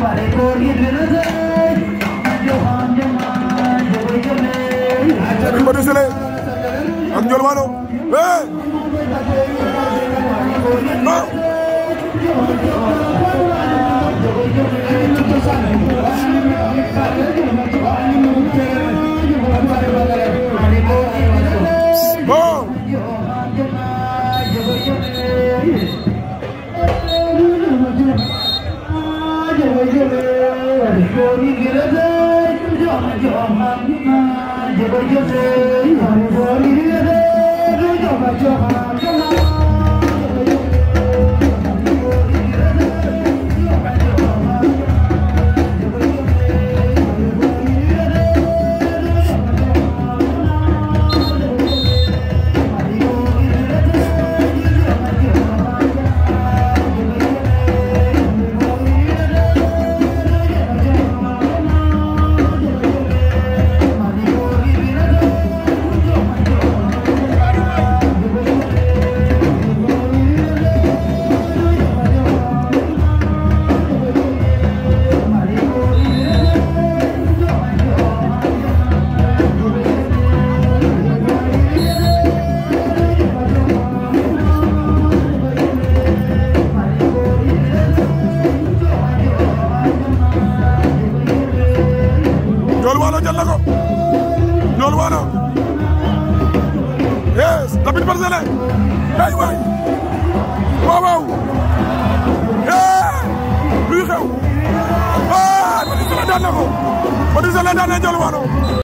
ak Ndiol Wano Gönül geleceğim, can can hanıma, cebir cebir waalo jël na ko Ndiol waalo yes Lamine Parzele ay waay waaw waaw eh luy xew ah Patisele daan na ko Patisele daan na Ndiol waalo